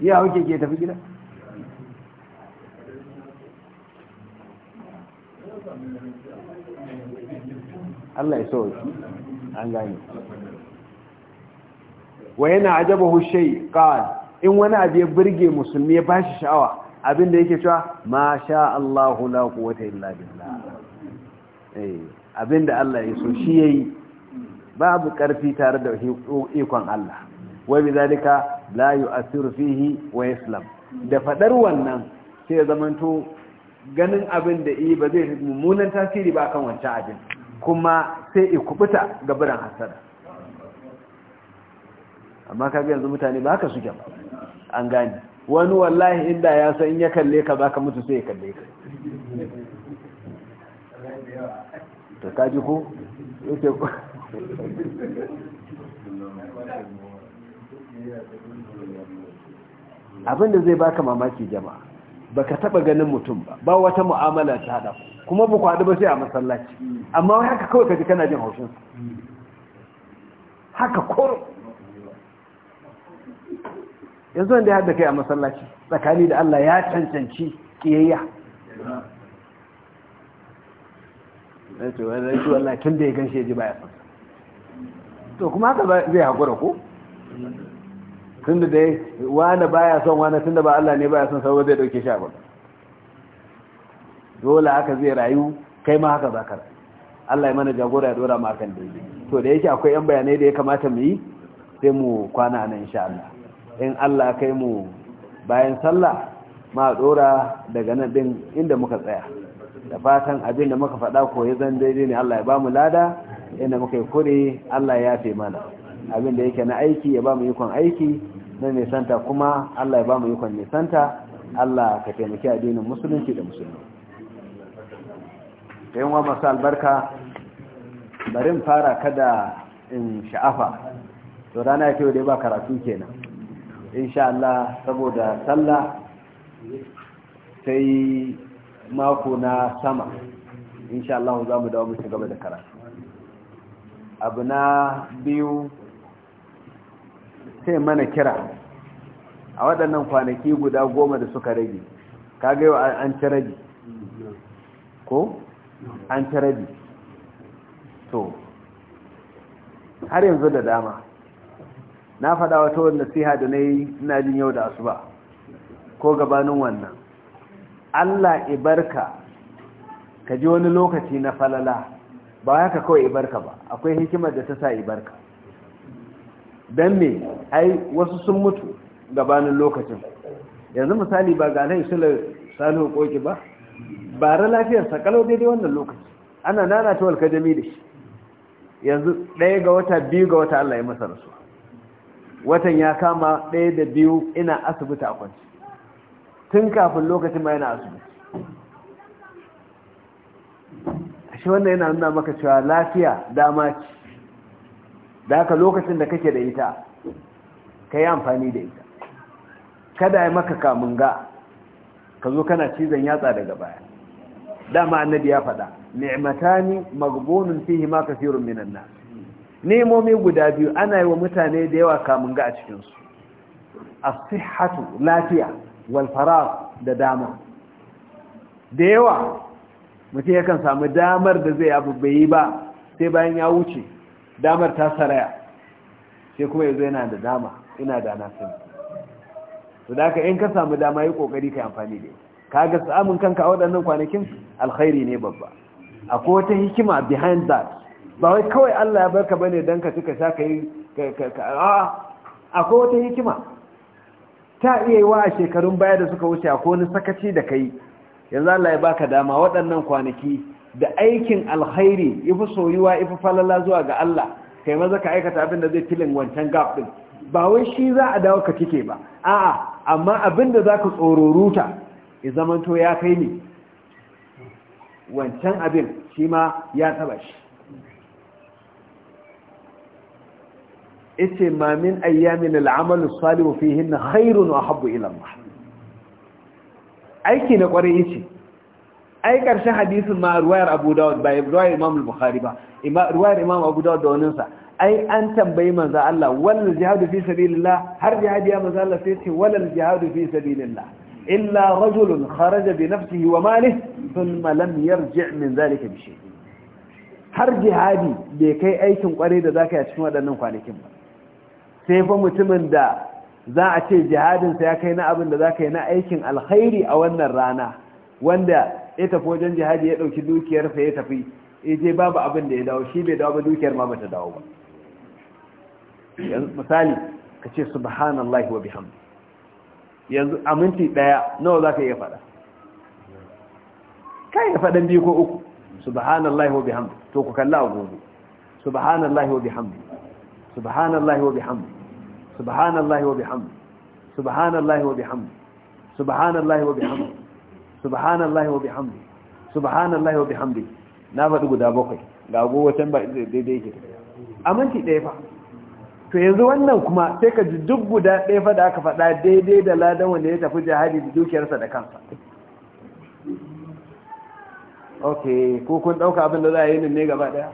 ya hauke ke tafi gida Allah ya sauki an gane wa yana ajaba hushai kawai in wani abu ya birge musulmi ya ba shi sha'awa abin da yake cewa ma sha Allahu la quwwata illa billah eh abin da Allah ya so shi yayi babu ƙarfi tare da ikon Allah wai bi zalika la yu'athiru fihi wa yaslam da fadar wannan sai zamanto ganin abin da yi ba zai mummunan tasiri ba kan wancan abin kuma sai i kubuta ga biran amma kaga yanzu mutane ba haka suke an gane wani wallahi inda ya san in ya kalle ka baka mutu sai ya kalle ka to kaji ko Abin da zai baka mamaki jama'a baka taba ganin mutum ba ba wata mu'amala ta hada kuma ba kwadu ba sai a masallaci amma wai haka kawai kaji kana jin haushin haka ko yanzu wanda ya hada kai a masallaci tsakani da Allah ya cancanci kiyayya na eh to wannan shi wallahi tun da ya gan ya ji baya to kuma haka zai haƙura ko tun da dai wani baya son wani tun da ba Allah ne baya son sauwa zai ɗauke shi abu dole haka zai rayu kai ma haka zakar. Allah ya mana jagora ya dora makan daidai to da yake akwai 'yan bayanai da ya kamata mu yi sai mu kwana nan insha Allah in Allah kai mu bayan sallah ma dora daga nan din inda muka tsaya da fatan abin da muka faɗa ko ya zan daidai ne Allah ya ba mu lada inda muka yi kure Allah ya fi mana abin da yake na aiki ya ba mu ikon aiki na nisanta kuma Allah ya ba mu ikon nisanta Allah ka taimaki addinin musulunci da musulmi yan wa masu albarka bari in fara kada in sha'afa to rana yake wadai ba karatu kenan insha Allah saboda sallah sai mako na sama insha Allah za mu dawo mu ci da karatu abu na biyu sai mana kira a waɗannan kwanaki guda goma da suka rage kaga yau an ci rage, ko an ci rage. to har yanzu da dama na faɗa wata wanda siha da na yi na jin yau da asuba ko gabanin wannan allah ibarka ka ji wani lokaci na falala ba ka kawai ibarka ba akwai hikimar da ta sa ibarka don me ai wasu sun mutu gabanin lokacin yanzu misali ba ga nan shila salihu koki ba Ba ra lafiyar kalau daidai wannan lokaci ana nana ta Jami da shi yanzu ɗaya ga wata biyu ga wata allah ya masa rasu watan ya kama ɗaya da biyu ina asibiti a kwanci tun kafin lokacin ma yana asibiti shi wannan yana nuna maka cewa lafiya dama ce da haka lokacin da kake da ita ka yi amfani da ita kada ya maka kamun ga ka zo kana cizon yatsa daga baya dama annabi ya faɗa ni'matani magbunun fihi ma kafirun minan nas nemomi guda biyu ana yi wa mutane da yawa kamun ga a cikin su as-sihhatu lafiya wal da dama da yawa mutum yakan samu damar da zai abu bai yi ba sai bayan ya wuce damar ta saraya sai kuma yanzu yana da dama ina da na sani to da in ka samu dama yi kokari ka amfani da ka ga samun kanka a waɗannan kwanakin alkhairi ne babba akwai wata hikima behind that ba wai kawai Allah ya barka bane dan ka tuka sha kai akwai wata hikima ta iya yi wa a shekarun baya da suka wuce akwai wani sakaci da kai yanzu Allah ya baka dama waɗannan kwanaki da aikin alkhairi ifi soyuwa ifi falala zuwa ga Allah kai maza ka aikata abin da zai filin wancan gab din ba wai shi za a dawo ka kike ba a'a amma abin da zaka tsororuta ya to ya kai ne wancan abin shi ma ya taba shi ita mamin ayyamin al'amalu salihu fihin khairun wa habbu ila Allah aiki na kwarai ce, ai karshen hadisin ma ruwayar Abu Dawud ba ruwayar Imam Bukhari ba ruwayar Imam Abu Dawud da sa ai an tambayi manzo Allah wal jihadu fi sabilillah har jihadi ya manzo Allah sai ce wal jihadu fi sabilillah illa rajulun kharaja bi nafsihi wa malihi thumma lam yarji' min zalika bi shay har jihadi bai kai aikin kwarai da zaka yi a cikin waɗannan kwanakin ba sai fa mutumin da za a ce jihadinsa ya kai na abin da za ka yi na aikin alkhairi a wannan rana wanda ya tafi wajen jihadi ya ɗauki dukiyarsa ya tafi je babu abin da ya dawo shi bai dawo ba dukiyar ma bata dawo ba misali ka ce subhanallahi wa bihamdi yanzu a minti daya nawa za ka iya faɗa ka iya faɗan biyu ko uku subhanallahi wa bihamdi to ku kalla a gobe subhanallahi wa bihamdi subhanallahi wa bihamdi subhanallahi wa bihamdi subhanallahi wa bihamdi subhanallahi wa bihamdi subhanallahi wa bihamdi subhanallahi wa bihamdi na faɗi guda bakwai ga agogo can ba daidai yake a minti ɗaya fa to yanzu wannan kuma sai ka ji duk guda ɗaya fa da aka faɗa daidai da ladan wanda ya tafi jihadi da dukiyarsa da kansa ok ko kun ɗauka abin da za a yi ne gaba ɗaya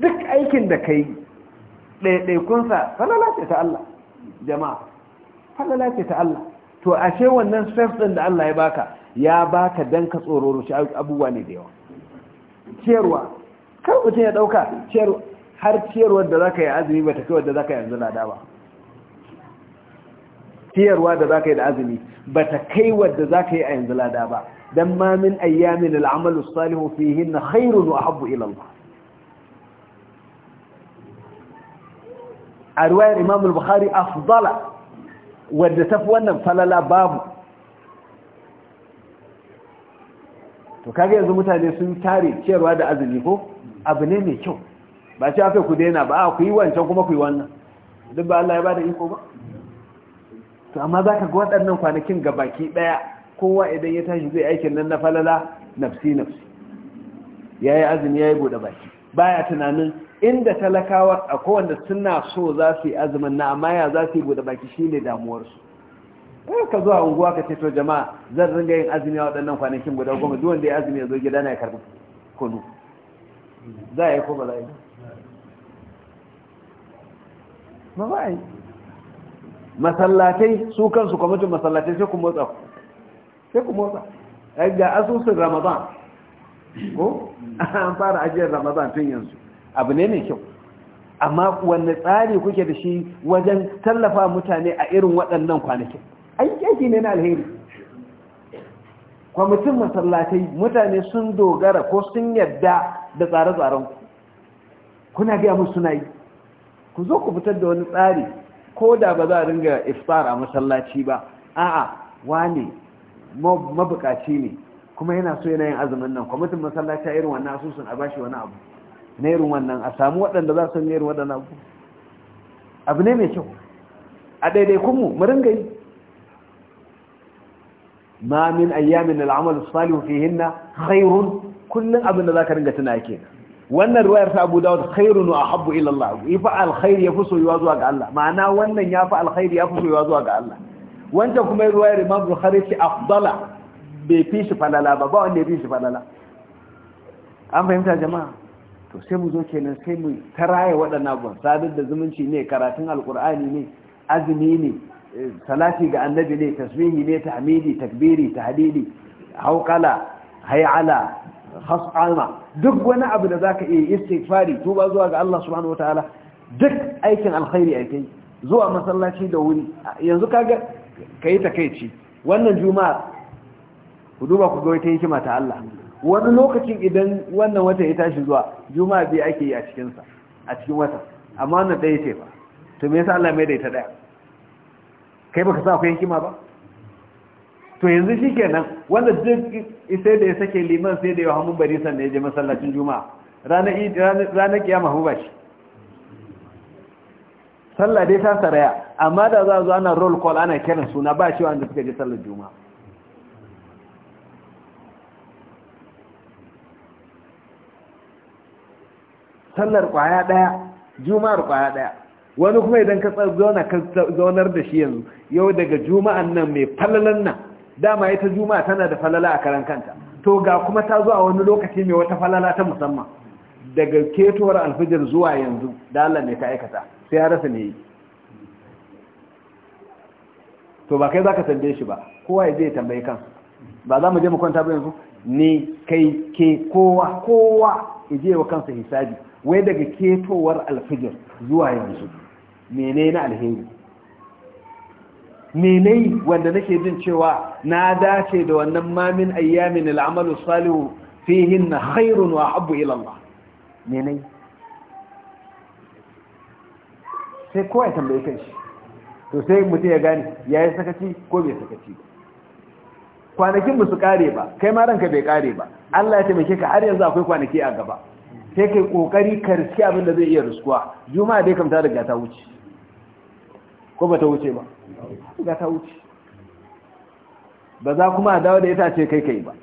duk aikin da ka yi ɗaiɗaikunsa falala ta Allah jama'a falala ta Allah to ashe wannan strength ɗin da Allah ya baka ya baka dan ka tsororo shi abubuwa ne da yawa ciyarwa mutum ya ɗauka ciyarwa har ciyarwar da za ka yi azumi ba ta kai wadda za ka yi yanzu lada ba ciyarwa da za ka yi da azumi ba ta kai wadda za ka yi a yanzu lada ba don ma min ayyamin al'amalu salihu fihin na khairun wa habbu ilallah a ruwayar imam al-bukhari fudala wadda ta fi wannan falala babu to kaga yanzu mutane sun tare ciyarwa da azumi ko abu ne mai kyau ba ce aka ku daina ba ku yi wancan kuma ku yi wannan duk ba Allah ya bada iko ba to amma za ka ga waɗannan kwanakin ga baki ɗaya, kowa idan ya tashi zai aikin nan na falala nafsi nafsi Ya yi azumi yi bude baki baya tunanin inda talakawa a kowanda suna so za su yi azumin na amma ya za su yi buɗe baki shi ne damuwarsu ɗaya eh, ka zuwa unguwa ka ceto jama'a zan ringa yin azumi a waɗannan kwanakin guda goma duk wanda ya azumi ya zo gida na ya karɓi kunu za a yi ko ba za a yi ba ba a yi masallatai su kansu kwamitin masallatai sai ku motsa sai ku motsa ga asusun ramadan ko an fara ajiyar ramadan tun yanzu abu ne mai kyau amma wanne tsari kuke da shi wajen tallafa mutane a irin waɗannan kwanakin aiki ne na alheri kwamitin masallatai mutane sun dogara ko sun yadda da tsare-tsaren kuna gaya musu suna yi ku zo ku fitar da wani tsari ko da ba za a ringa iftar a masallaci ba a'a wane mabukaci ne kuma yana so yana azumin nan kwamitin masallaci irin wannan asusun a bashi wani abu na irin wannan a samu waɗanda za su irin waɗanda abu abu ne mai kyau a daidai kunmu mu ringa yi ma min ayyamin al'amal salihu fihinna khairun kullun abin da zaka ringa tuna kenan wannan ruwayar ta Abu Dawud khairun wa ahabbu ila Allah yafi alkhair yafi soyuwa zuwa ga Allah ma'ana wannan yafi alkhair yafi soyuwa zuwa ga Allah Wancan kuma ruwayar Imam Bukhari ce afdala bai fi shi falala ba ba wanda ya fi shi falala an fahimta jama'a to sai mu zo kenan sai mu taraye waɗannan abubuwan sadar da zumunci ne karatun alkur'ani ne azumi ne eh, salati ga annabi ne tasbihi ne tahmidi takbiri tahdidi haukala, hay'ala has'ama duk wani abu da zaka iya istighfari tuba zuwa ga Allah subhanahu wataala duk aikin alkhairi aikin zuwa masallaci da wuri yanzu kaga kai takeici wannan juma'a ku duba ku ga wata hikima ta Allah wani lokacin idan wannan wata ya tashi zuwa juma'a biyu ake yi a cikinsa a cikin wata amma wannan ɗaya ce ba to me yasa Allah mai da ita ɗaya kai baka sa akwai hikima ba to yanzu shikenan wanda duk sai da ya sake liman sai da ya hamun bari sannan ya je masallacin juma'a ranar ranar kiyama hu bashi sallah dai ta saraya amma da za a zo ana roll call ana kiran suna ba shi wanda suka je sallar juma'a sallar kwaya daya juma'ar kwaya daya wani kuma idan ka zauna ka zaunar da shi yanzu yau daga juma'an nan mai falalan nan dama ita juma'a tana da falala a karan kanta to ga kuma ta zo a wani lokaci mai wata falala ta musamman daga ketowar alfijir zuwa yanzu da Allah ne ka aikata sai ya rasa ne yi to ba kai za tambaye shi ba kowa ya ya tambaye kan ba za mu je mu kwanta ba yanzu ni kai ke kowa kowa ya je wa kansa hisabi wai daga ketowar alfijir zuwa yanzu mene na alheri mene wanda nake jin cewa na dace da wannan mamin ayyamin al'amalu salihu fihin na khairun wa abu ilallah mene sai kowai ya tambaye kan shi to sai mutum ya gane ya yi sakaci ko bai sakaci ba kwanakin ba su kare ba kai ma ranka bai kare ba Allah ya taimake ka har yanzu akwai kwanaki a gaba sai kai kokari ka abin da zai iya riskuwa juma'a dai kamta daga ta wuce ko ba ta wuce ba ga wuce ba za kuma a dawo da ita ce kai kai ba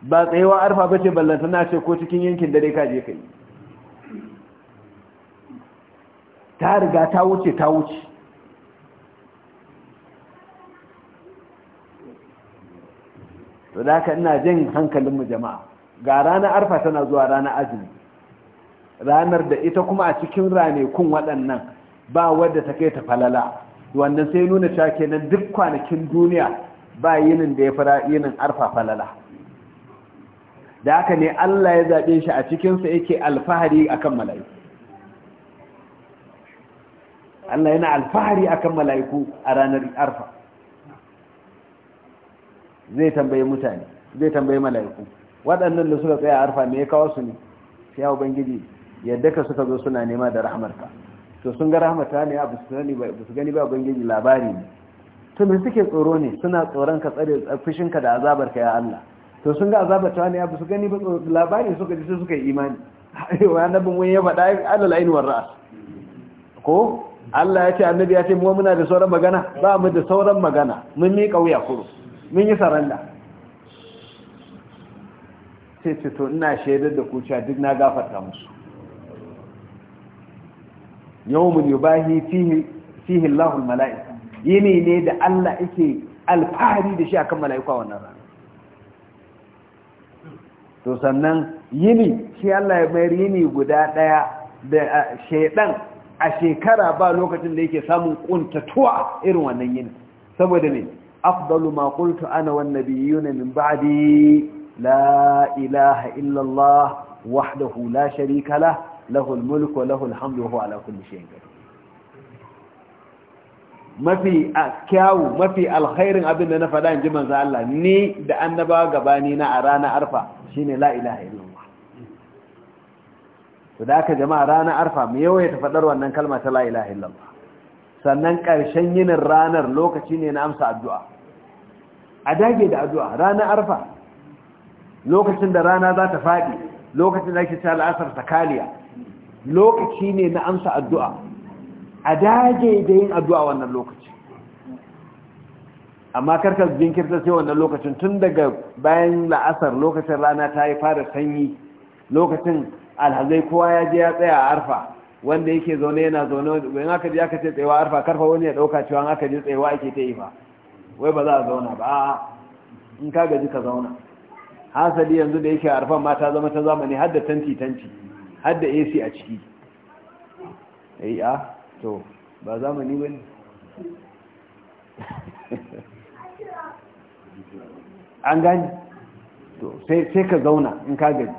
ba tsayewa arfa ba ce ballanta na ce ko cikin yankin dare ka je kai ta riga ta wuce ta wuce to da ka ina jin hankalinmu jama'a ga ranar arfa tana zuwa ranar azumi ranar da ita kuma a cikin ranekun waɗannan ba wadda ta kai ta falala wannan sai nuna cewa kenan duk kwanakin duniya ba yinin da ya fara yinin arfa falala da haka ne Allah ya zaɓe shi a cikinsa yake alfahari akan mala'iku Allah yana alfahari akan mala'iku a ranar arfa zai tambaye mutane zai tambaye mala'iku waɗannan da suka tsaya arfa me ya kawo su ne sai ubangiji yadda ka suka zo suna nema da rahamarka. to sun ga rahmata ne a su gani ba ubangiji labari ne to me suke tsoro ne suna tsoron ka tsare fushinka da azabarka ya Allah to sun ga azabar ta ne a su gani ba labari suka ji suka yi imani wa bin wani ya faɗa alal ainihin ra'as ko Allah ya ce annabi ya ce mu muna da sauran magana ba mu da sauran magana mun miƙa kauya kuro mun yi saranda sai ce ina shaidar da ku cewa duk na gafarta musu yawmun yubahi fihi fihi Allahu malaika yini ne da Allah yake alfahari da shi akan mala'iku a wannan rana to sannan yini shi Allah ya mayar yini guda daya da shaidan a shekara ba lokacin da yake samun kuntatuwa irin wannan yini saboda ne afdalu ma qultu ana wan nabiyuna min ba'di لا إله إلا الله وحده لا شريك له له الملك وله الحمد وهو على كل شيء قدير mafi kyawu mafi alkhairin abin da na faɗa in ji manzo Allah ni da annaba gabani na a ranar arfa shine la ilaha illallah to da jama'a ranar arfa me yawaye faɗar wannan kalma ta la ilaha illallah sannan ƙarshen yinin ranar lokaci ne na amsa addu'a a dage da addu'a ranar arfa lokacin da rana za ta faɗi lokacin da ake ta kaliya lokaci ne na amsa addu'a a dage da yin addu'a wannan lokaci amma karkar jinkirta sai wannan lokacin tun daga bayan la'asar lokacin rana ta yi fara sanyi lokacin alhazai kowa ya je ya tsaya a arfa wanda yake zaune yana zaune wani aka je aka ce tsayawa arfa karfa wani ya ɗauka cewa aka je tsayawa ake ta yi fa wai ba za a zauna ba in ka gaji ka zauna hasali yanzu da yake arfan ma ta zama ta zamani hadda tanti tanti hadda AC a ciki ai eh, a ah, to ba zamani bane an gani to sai ka zauna in ka gaji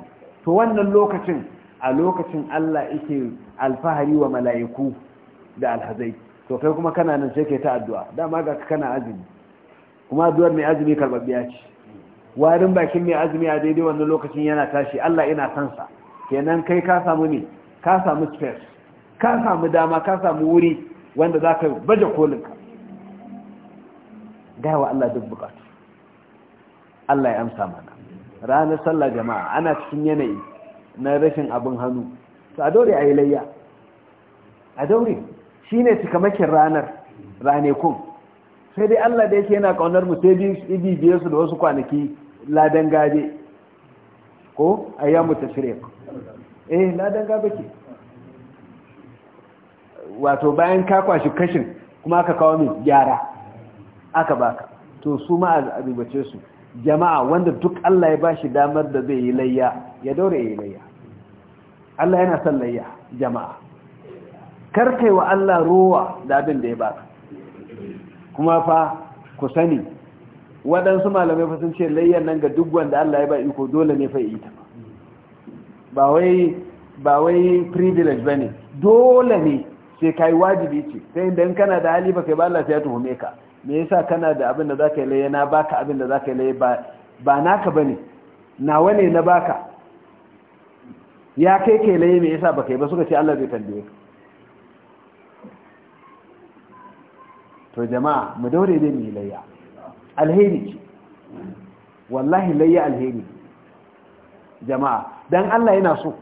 to wannan lokacin a lokacin Allah yake alfahari wa mala'iku da alhazai to kai kuma kana nan sai kai ta addu'a dama ga kana azumi kuma addu'ar mai azumi karbabbiya ce warin bakin mai azumi a daidai wannan lokacin yana tashi Allah ina sansa sa kenan kai ka samu ne ka samu space ka samu dama ka samu wuri wanda za ka baje kolinka gawa Allah duk bukatu Allah ya amsa mana ranar sallah jama'a ana cikin yanayi na rashin abin hannu to a daure a yi layya a daure shi ne cikamakin ranar ranekun sai dai Allah da yake yana kaunar mu sai biyu su da wasu kwanaki ladan gabe ko ayyamu tashriq eh ladan gabe ke wato bayan ka kwashi kashin kuma aka kawo min gyara aka baka to su ma a su jama'a wanda duk Allah ya bashi damar da zai yi layya ya daure ya yi layya Allah yana son layya jama'a karkai wa Allah ruwa da abin da ya baka kuma fa ku sani waɗansu malamai fa sun ce layyan nan ga duk wanda Allah ya ba iko dole ne fa yi ta ba wai ba wai privilege bane dole ne sai kai wajibi ce sai idan kana da hali ba kai ba Allah sai ya tuhume ka me yasa kana da abin da zaka yi layya na baka abin da zaka yi layya ba ba naka bane nawa ne na baka ya kai kai layya me yasa baka yi ba suka ce Allah zai tambaye ka to jama'a mu daure ne mu yi layya alheri ce wallahi layya alheri jama'a dan Allah yana so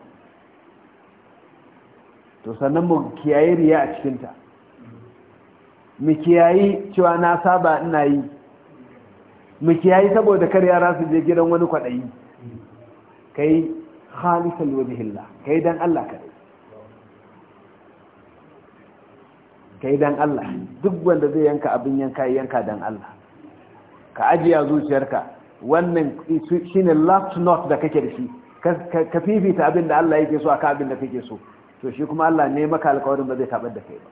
to sannan mu kiyaye riya a cikinta mu kiyaye, cewa na saba ina yi mu kiyaye saboda kar yara su je gidan wani kwaɗayi kai khalisal wajhillah kai dan Allah kai dan Allah duk wanda zai yanka abin yanka yanka dan Allah ka ajiya zuciyarka wannan shine last note da kake da shi ka fifita abin da Allah yake so a abin da kake so to shi kuma Allah ne maka alƙawarin ba zai tabar da kai ba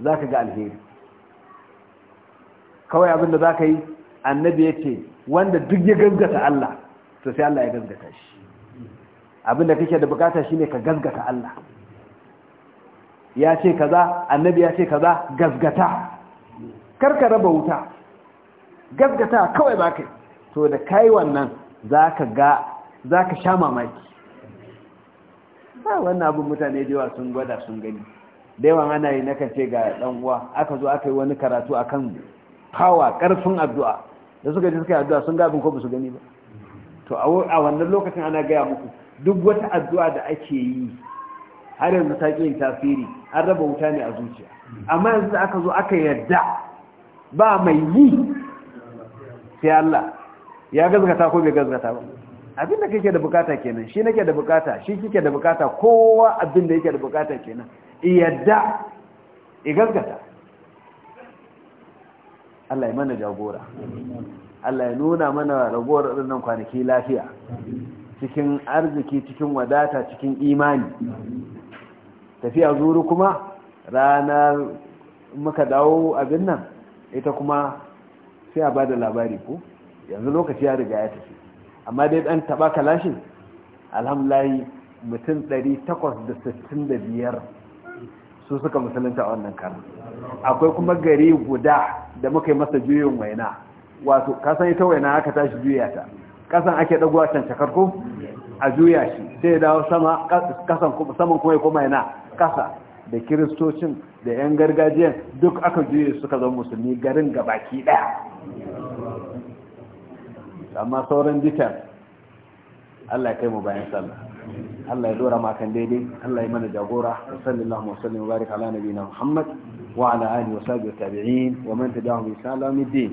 Za ka ga alheri kawai abin da za ka yi annabi ya ce wanda duk ya gazgata Allah to sai Allah ya gazgata shi abin da kake da bukata ne ka gazgata Allah ya ce kaza annabi ya ce kaza gazgata. Kar ka raba wuta gaggata kawai ba kai to da kai wannan za ka ga za ka sha mamaki ba wannan abin mutane da yawa sun gwada sun gani da yawan ana yi na ce ga ɗan'uwa, uwa aka zo aka yi wani karatu a kan hawa ƙarfin addu'a da suka ji suka yi addu'a sun gabin ko ba su gani ba to a wannan lokacin ana gaya muku duk wata addu'a da ake yi har yanzu ta ƙi yin tasiri an raba wuta ne a zuciya amma yanzu da aka zo aka yarda ba mai yi sai Allah ya gazgata ko bai gazgata ba abin da kake da bukata kenan shi nake da bukata shi kike da bukata kowa abin da yake da bukata kenan iyadda i gazgata Allah ya mana jagora Allah ya nuna mana ragowar ɗinnan kwanaki lafiya cikin arziki cikin wadata cikin imani tafiya zuru kuma ranar muka dawo abin nan ita kuma sai a ba da labari ko yanzu lokaci ya riga ya tafi amma dai dan taba kalashin alhamdulahi mutum da sittin 865 su suka musulunta a wannan karin akwai kuma gari guda da muka yi masa juyin waina wato kasan ita waina aka tashi juya ta kasan ake dagowa can ko a juya shi sai dawo saman kuma ya koma yana kasa da kiristocin da 'yan gargajiyar duk aka juye suka zama musulmi garin gabaki daya amma sauran bitan Allah ya kai mu bayan sallah Allah ya dora makan daidai Allah ya mana jagora sallallahu alaihi wasallam wa baraka ala nabiyina Muhammad wa ala alihi wa sahbihi tabi'in wa man tabi'ahum bi salamin din